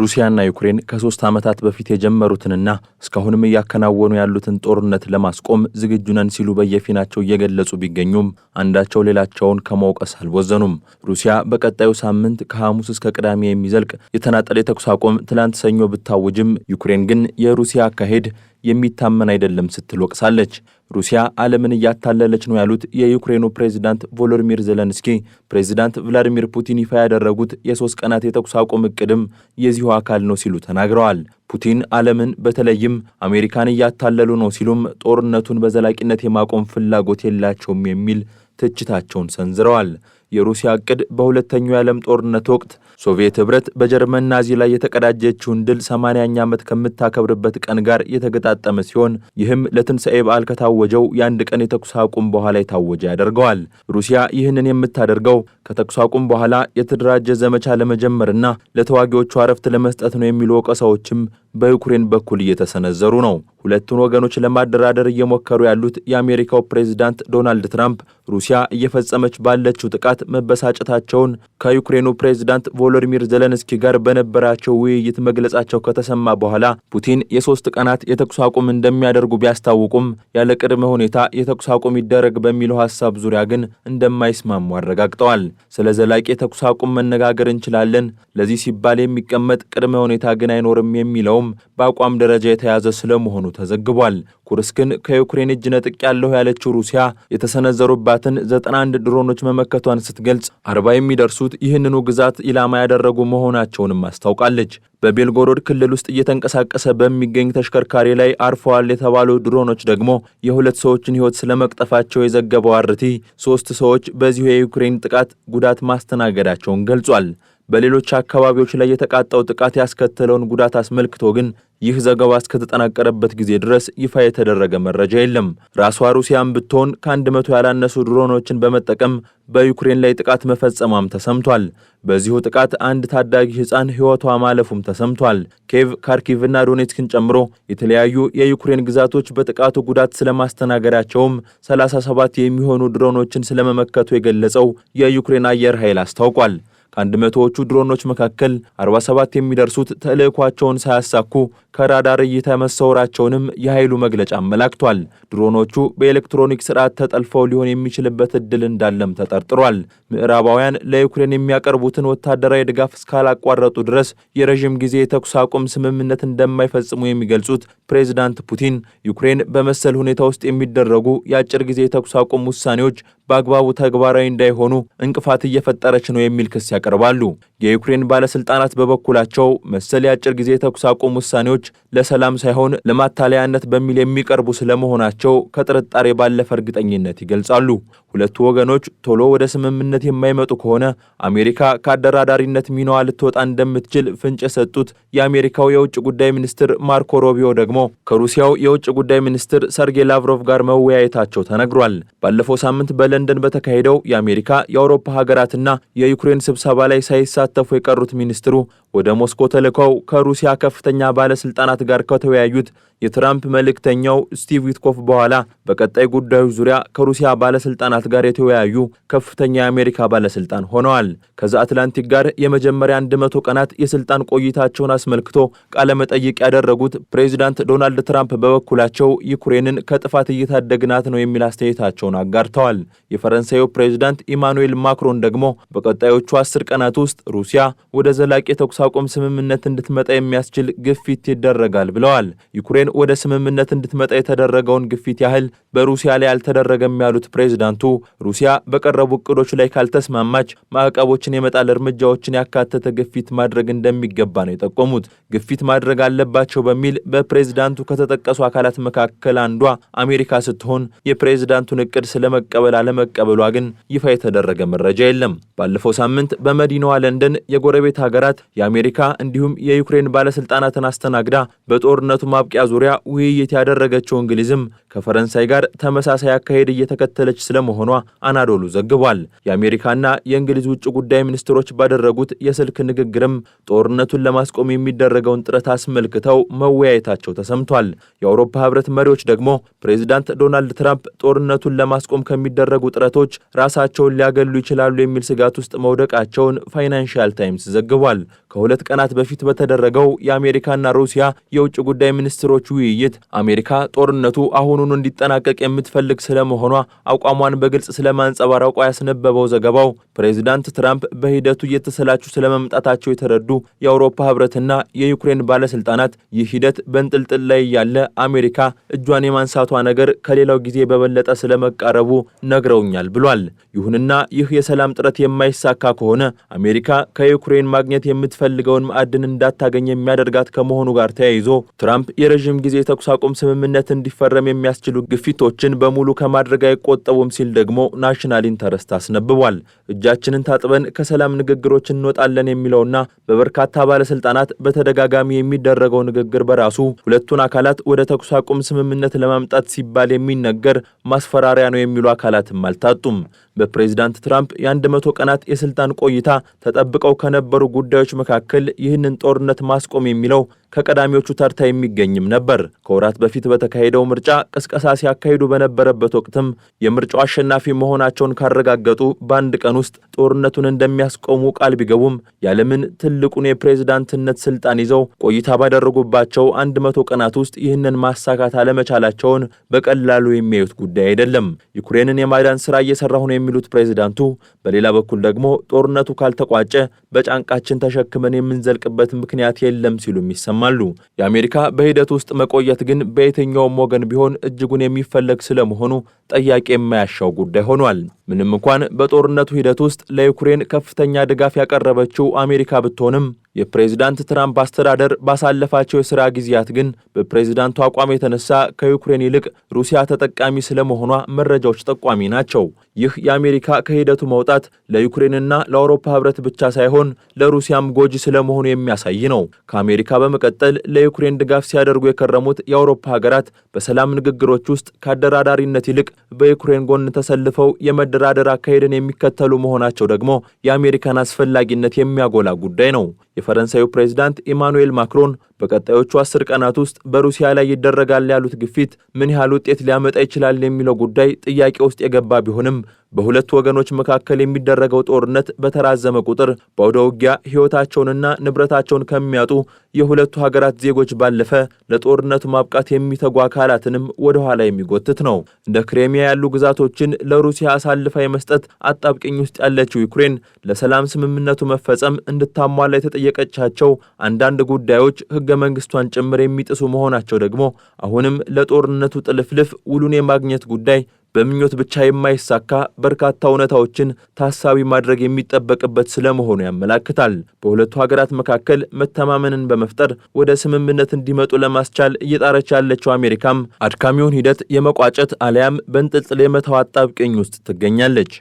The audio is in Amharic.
ሩሲያና ዩክሬን ከሶስት ዓመታት በፊት የጀመሩትንና እስካሁንም እያከናወኑ ያሉትን ጦርነት ለማስቆም ዝግጁ ነን ሲሉ በየፊናቸው እየገለጹ ቢገኙም አንዳቸው ሌላቸውን ከመውቀስ አልወዘኑም። ሩሲያ በቀጣዩ ሳምንት ከሐሙስ እስከ ቅዳሜ የሚዘልቅ የተናጠለ የተኩስ አቁም ትላንት ሰኞ ብታውጅም ዩክሬን ግን የሩሲያ አካሄድ የሚታመን አይደለም ስትል ወቅሳለች። ሩሲያ ዓለምን እያታለለች ነው ያሉት የዩክሬኑ ፕሬዚዳንት ቮሎዲሚር ዜሌንስኪ ፕሬዚዳንት ቭላዲሚር ፑቲን ይፋ ያደረጉት የሶስት ቀናት የተኩስ አቁም እቅድም የዚሁ አካል ነው ሲሉ ተናግረዋል። ፑቲን ዓለምን በተለይም አሜሪካን እያታለሉ ነው ሲሉም ጦርነቱን በዘላቂነት የማቆም ፍላጎት የላቸውም የሚል ትችታቸውን ሰንዝረዋል። የሩሲያ እቅድ በሁለተኛው የዓለም ጦርነት ወቅት ሶቪየት ኅብረት በጀርመን ናዚ ላይ የተቀዳጀችውን ድል 80ኛ ዓመት ከምታከብርበት ቀን ጋር የተገጣጠመ ሲሆን ይህም ለትንሣኤ በዓል ከታወጀው የአንድ ቀን የተኩስ አቁም በኋላ የታወጀ ያደርገዋል። ሩሲያ ይህንን የምታደርገው ከተኩስ አቁም በኋላ የተደራጀ ዘመቻ ለመጀመርና ለተዋጊዎቹ አረፍት ለመስጠት ነው የሚሉ ወቀሳዎችም በዩክሬን በኩል እየተሰነዘሩ ነው። ሁለቱን ወገኖች ለማደራደር እየሞከሩ ያሉት የአሜሪካው ፕሬዚዳንት ዶናልድ ትራምፕ ሩሲያ እየፈጸመች ባለችው ጥቃት ጥቃት መበሳጨታቸውን ከዩክሬኑ ፕሬዝዳንት ቮሎዲሚር ዘለንስኪ ጋር በነበራቸው ውይይት መግለጻቸው ከተሰማ በኋላ ፑቲን የሶስት ቀናት የተኩስ አቁም እንደሚያደርጉ ቢያስታውቁም ያለ ቅድመ ሁኔታ የተኩስ አቁም ይደረግ በሚለው ሀሳብ ዙሪያ ግን እንደማይስማሙ አረጋግጠዋል። ስለ ዘላቂ የተኩስ አቁም መነጋገር እንችላለን፣ ለዚህ ሲባል የሚቀመጥ ቅድመ ሁኔታ ግን አይኖርም የሚለውም በአቋም ደረጃ የተያዘ ስለመሆኑ ተዘግቧል። ኩርስክን ከዩክሬን እጅ ነጥቅ ያለሁ ያለችው ሩሲያ የተሰነዘሩባትን 91 ድሮኖች መመከቷን ስትገልጽ አርባ የሚደርሱት ይህንኑ ግዛት ኢላማ ያደረጉ መሆናቸውንም አስታውቃለች። በቤልጎሮድ ክልል ውስጥ እየተንቀሳቀሰ በሚገኝ ተሽከርካሪ ላይ አርፈዋል የተባሉ ድሮኖች ደግሞ የሁለት ሰዎችን ሕይወት ስለመቅጠፋቸው የዘገበው አርቲ ሶስት ሰዎች በዚሁ የዩክሬን ጥቃት ጉዳት ማስተናገዳቸውን ገልጿል። በሌሎች አካባቢዎች ላይ የተቃጣው ጥቃት ያስከተለውን ጉዳት አስመልክቶ ግን ይህ ዘገባ እስከተጠናቀረበት ጊዜ ድረስ ይፋ የተደረገ መረጃ የለም። ራሷ ሩሲያም ብትሆን ከአንድ መቶ ያላነሱ ድሮኖችን በመጠቀም በዩክሬን ላይ ጥቃት መፈጸሟም ተሰምቷል። በዚሁ ጥቃት አንድ ታዳጊ ሕፃን ሕይወቷ ማለፉም ተሰምቷል። ኬቭ፣ ካርኪቭና ዶኔትስክን ጨምሮ የተለያዩ የዩክሬን ግዛቶች በጥቃቱ ጉዳት ስለማስተናገዳቸውም 37 የሚሆኑ ድሮኖችን ስለመመከቱ የገለጸው የዩክሬን አየር ኃይል አስታውቋል። ከአንድ መቶዎቹ ድሮኖች መካከል 47 የሚደርሱት ተልዕኳቸውን ሳያሳኩ ከራዳር እይታ መሰወራቸውንም የኃይሉ መግለጫ አመላክቷል። ድሮኖቹ በኤሌክትሮኒክ ስርዓት ተጠልፈው ሊሆን የሚችልበት እድል እንዳለም ተጠርጥሯል። ምዕራባውያን ለዩክሬን የሚያቀርቡትን ወታደራዊ ድጋፍ እስካላቋረጡ ድረስ የረዥም ጊዜ የተኩስ አቁም ስምምነት እንደማይፈጽሙ የሚገልጹት ፕሬዚዳንት ፑቲን ዩክሬን በመሰል ሁኔታ ውስጥ የሚደረጉ የአጭር ጊዜ የተኩስ አቁም ውሳኔዎች በአግባቡ ተግባራዊ እንዳይሆኑ እንቅፋት እየፈጠረች ነው የሚል ክስ ያቀ ያቀርባሉ። የዩክሬን ባለስልጣናት በበኩላቸው መሰል የአጭር ጊዜ ተኩስ አቁም ውሳኔዎች ለሰላም ሳይሆን ለማታለያነት በሚል የሚቀርቡ ስለመሆናቸው ከጥርጣሬ ባለፈ እርግጠኝነት ይገልጻሉ። ሁለቱ ወገኖች ቶሎ ወደ ስምምነት የማይመጡ ከሆነ አሜሪካ ከአደራዳሪነት ሚናዋ ልትወጣ እንደምትችል ፍንጭ የሰጡት የአሜሪካው የውጭ ጉዳይ ሚኒስትር ማርኮ ሮቢዮ ደግሞ ከሩሲያው የውጭ ጉዳይ ሚኒስትር ሰርጌይ ላቭሮቭ ጋር መወያየታቸው ተነግሯል። ባለፈው ሳምንት በለንደን በተካሄደው የአሜሪካ የአውሮፓ ሀገራትና የዩክሬን ስብሰባ ስብሰባ ላይ ሳይሳተፉ የቀሩት ሚኒስትሩ ወደ ሞስኮ ተልከው ከሩሲያ ከፍተኛ ባለስልጣናት ጋር ከተወያዩት የትራምፕ መልእክተኛው ስቲቭ ዊትኮፍ በኋላ በቀጣይ ጉዳዮች ዙሪያ ከሩሲያ ባለስልጣናት ጋር የተወያዩ ከፍተኛ የአሜሪካ ባለስልጣን ሆነዋል። ከዛ አትላንቲክ ጋር የመጀመሪያ 100 ቀናት የስልጣን ቆይታቸውን አስመልክቶ ቃለ መጠይቅ ያደረጉት ፕሬዚዳንት ዶናልድ ትራምፕ በበኩላቸው ዩክሬንን ከጥፋት እየታደግናት ነው የሚል አስተያየታቸውን አጋርተዋል። የፈረንሳዩ ፕሬዚዳንት ኢማኑኤል ማክሮን ደግሞ በቀጣዮቹ አስር ቀናት ውስጥ ሩሲያ ወደ ዘላቂ የተኩስ አቁም ስምምነት እንድትመጣ የሚያስችል ግፊት ይደረጋል ብለዋል። ዩክሬን ዩክሬን ወደ ስምምነት እንድትመጣ የተደረገውን ግፊት ያህል በሩሲያ ላይ አልተደረገም ያሉት ፕሬዝዳንቱ ሩሲያ በቀረቡ እቅዶች ላይ ካልተስማማች ማዕቀቦችን የመጣል እርምጃዎችን ያካተተ ግፊት ማድረግ እንደሚገባ ነው የጠቆሙት። ግፊት ማድረግ አለባቸው በሚል በፕሬዝዳንቱ ከተጠቀሱ አካላት መካከል አንዷ አሜሪካ ስትሆን የፕሬዝዳንቱን እቅድ ስለመቀበል አለመቀበሏ ግን ይፋ የተደረገ መረጃ የለም። ባለፈው ሳምንት በመዲናዋ ለንደን የጎረቤት ሀገራት የአሜሪካ እንዲሁም የዩክሬን ባለስልጣናትን አስተናግዳ በጦርነቱ ማብቂያ ዙሪያ ውይይት ያደረገችው እንግሊዝም ከፈረንሳይ ጋር ተመሳሳይ አካሄድ እየተከተለች ስለመሆኗ አናዶሉ ዘግቧል። የአሜሪካና የእንግሊዝ ውጭ ጉዳይ ሚኒስትሮች ባደረጉት የስልክ ንግግርም ጦርነቱን ለማስቆም የሚደረገውን ጥረት አስመልክተው መወያየታቸው ተሰምቷል። የአውሮፓ ህብረት መሪዎች ደግሞ ፕሬዚዳንት ዶናልድ ትራምፕ ጦርነቱን ለማስቆም ከሚደረጉ ጥረቶች ራሳቸውን ሊያገሉ ይችላሉ የሚል ስጋት ውስጥ መውደቃቸውን ፋይናንሻል ታይምስ ዘግቧል። ከሁለት ቀናት በፊት በተደረገው የአሜሪካና ሩሲያ የውጭ ጉዳይ ሚኒስትሮች ውይይት አሜሪካ ጦርነቱ አሁኑ ሰሞኑን እንዲጠናቀቅ የምትፈልግ ስለመሆኗ አቋሟን በግልጽ ስለማንጸባረቋ ያስነበበው ዘገባው ፕሬዚዳንት ትራምፕ በሂደቱ እየተሰላቹ ስለመምጣታቸው የተረዱ የአውሮፓ ህብረትና የዩክሬን ባለስልጣናት ይህ ሂደት በንጥልጥል ላይ ያለ አሜሪካ እጇን የማንሳቷ ነገር ከሌላው ጊዜ በበለጠ ስለመቃረቡ ነግረውኛል ብሏል። ይሁንና ይህ የሰላም ጥረት የማይሳካ ከሆነ አሜሪካ ከዩክሬን ማግኘት የምትፈልገውን ማዕድን እንዳታገኝ የሚያደርጋት ከመሆኑ ጋር ተያይዞ ትራምፕ የረዥም ጊዜ የተኩስ አቁም ስምምነት እንዲፈረም የሚያ የሚያስችሉ ግፊቶችን በሙሉ ከማድረግ አይቆጠቡም ሲል ደግሞ ናሽናል ኢንተረስት አስነብቧል። እጃችንን ታጥበን ከሰላም ንግግሮች እንወጣለን የሚለውና በበርካታ ባለስልጣናት በተደጋጋሚ የሚደረገው ንግግር በራሱ ሁለቱን አካላት ወደ ተኩስ አቁም ስምምነት ለማምጣት ሲባል የሚነገር ማስፈራሪያ ነው የሚሉ አካላትም አልታጡም። በፕሬዚዳንት ትራምፕ የአንድ መቶ ቀናት የስልጣን ቆይታ ተጠብቀው ከነበሩ ጉዳዮች መካከል ይህንን ጦርነት ማስቆም የሚለው ከቀዳሚዎቹ ተርታ የሚገኝም ነበር። ከወራት በፊት በተካሄደው ምርጫ ቅስቀሳ ሲያካሂዱ በነበረበት ወቅትም የምርጫው አሸናፊ መሆናቸውን ካረጋገጡ በአንድ ቀን ውስጥ ጦርነቱን እንደሚያስቆሙ ቃል ቢገቡም የዓለምን ትልቁን የፕሬዝዳንትነት ስልጣን ይዘው ቆይታ ባደረጉባቸው አንድ መቶ ቀናት ውስጥ ይህንን ማሳካት አለመቻላቸውን በቀላሉ የሚያዩት ጉዳይ አይደለም። ዩክሬንን የማዳን ስራ እየሰራሁ ነው የሚሉት ፕሬዝዳንቱ፣ በሌላ በኩል ደግሞ ጦርነቱ ካልተቋጨ በጫንቃችን ተሸክመን የምንዘልቅበት ምክንያት የለም ሲሉም ይሰማል። ይስማማሉ። የአሜሪካ በሂደት ውስጥ መቆየት ግን በየትኛውም ወገን ቢሆን እጅጉን የሚፈለግ ስለመሆኑ ጥያቄ የማያሻው ጉዳይ ሆኗል። ምንም እንኳን በጦርነቱ ሂደት ውስጥ ለዩክሬን ከፍተኛ ድጋፍ ያቀረበችው አሜሪካ ብትሆንም የፕሬዝዳንት ትራምፕ አስተዳደር ባሳለፋቸው የሥራ ጊዜያት ግን በፕሬዝዳንቱ አቋም የተነሳ ከዩክሬን ይልቅ ሩሲያ ተጠቃሚ ስለመሆኗ መረጃዎች ጠቋሚ ናቸው። ይህ የአሜሪካ ከሂደቱ መውጣት ለዩክሬንና ለአውሮፓ ህብረት ብቻ ሳይሆን ለሩሲያም ጎጂ ስለመሆኑ የሚያሳይ ነው። ከአሜሪካ በመቀጠል ለዩክሬን ድጋፍ ሲያደርጉ የከረሙት የአውሮፓ ሀገራት በሰላም ንግግሮች ውስጥ ከአደራዳሪነት ይልቅ በዩክሬን ጎን ተሰልፈው የመደራደር አካሄድን የሚከተሉ መሆናቸው ደግሞ የአሜሪካን አስፈላጊነት የሚያጎላ ጉዳይ ነው። የፈረንሳዩ ፕሬዚዳንት ኢማኑኤል ማክሮን በቀጣዮቹ አስር ቀናት ውስጥ በሩሲያ ላይ ይደረጋል ያሉት ግፊት ምን ያህል ውጤት ሊያመጣ ይችላል የሚለው ጉዳይ ጥያቄ ውስጥ የገባ ቢሆንም በሁለቱ ወገኖች መካከል የሚደረገው ጦርነት በተራዘመ ቁጥር በአውደ ውጊያ ሕይወታቸውንና ንብረታቸውን ከሚያጡ የሁለቱ ሀገራት ዜጎች ባለፈ ለጦርነቱ ማብቃት የሚተጉ አካላትንም ወደ ኋላ የሚጎትት ነው። እንደ ክሬሚያ ያሉ ግዛቶችን ለሩሲያ አሳልፋ የመስጠት አጣብቅኝ ውስጥ ያለችው ዩክሬን ለሰላም ስምምነቱ መፈጸም እንድታሟላ የተጠየቀቻቸው አንዳንድ ጉዳዮች ህገ መንግስቷን ጭምር የሚጥሱ መሆናቸው ደግሞ አሁንም ለጦርነቱ ጥልፍልፍ ውሉን የማግኘት ጉዳይ በምኞት ብቻ የማይሳካ በርካታ እውነታዎችን ታሳቢ ማድረግ የሚጠበቅበት ስለመሆኑ ያመላክታል። በሁለቱ ሀገራት መካከል መተማመንን በመፍጠር ወደ ስምምነት እንዲመጡ ለማስቻል እየጣረች ያለችው አሜሪካም አድካሚውን ሂደት የመቋጨት አሊያም በንጥልጥል የመተው አጣብቂኝ ውስጥ ትገኛለች።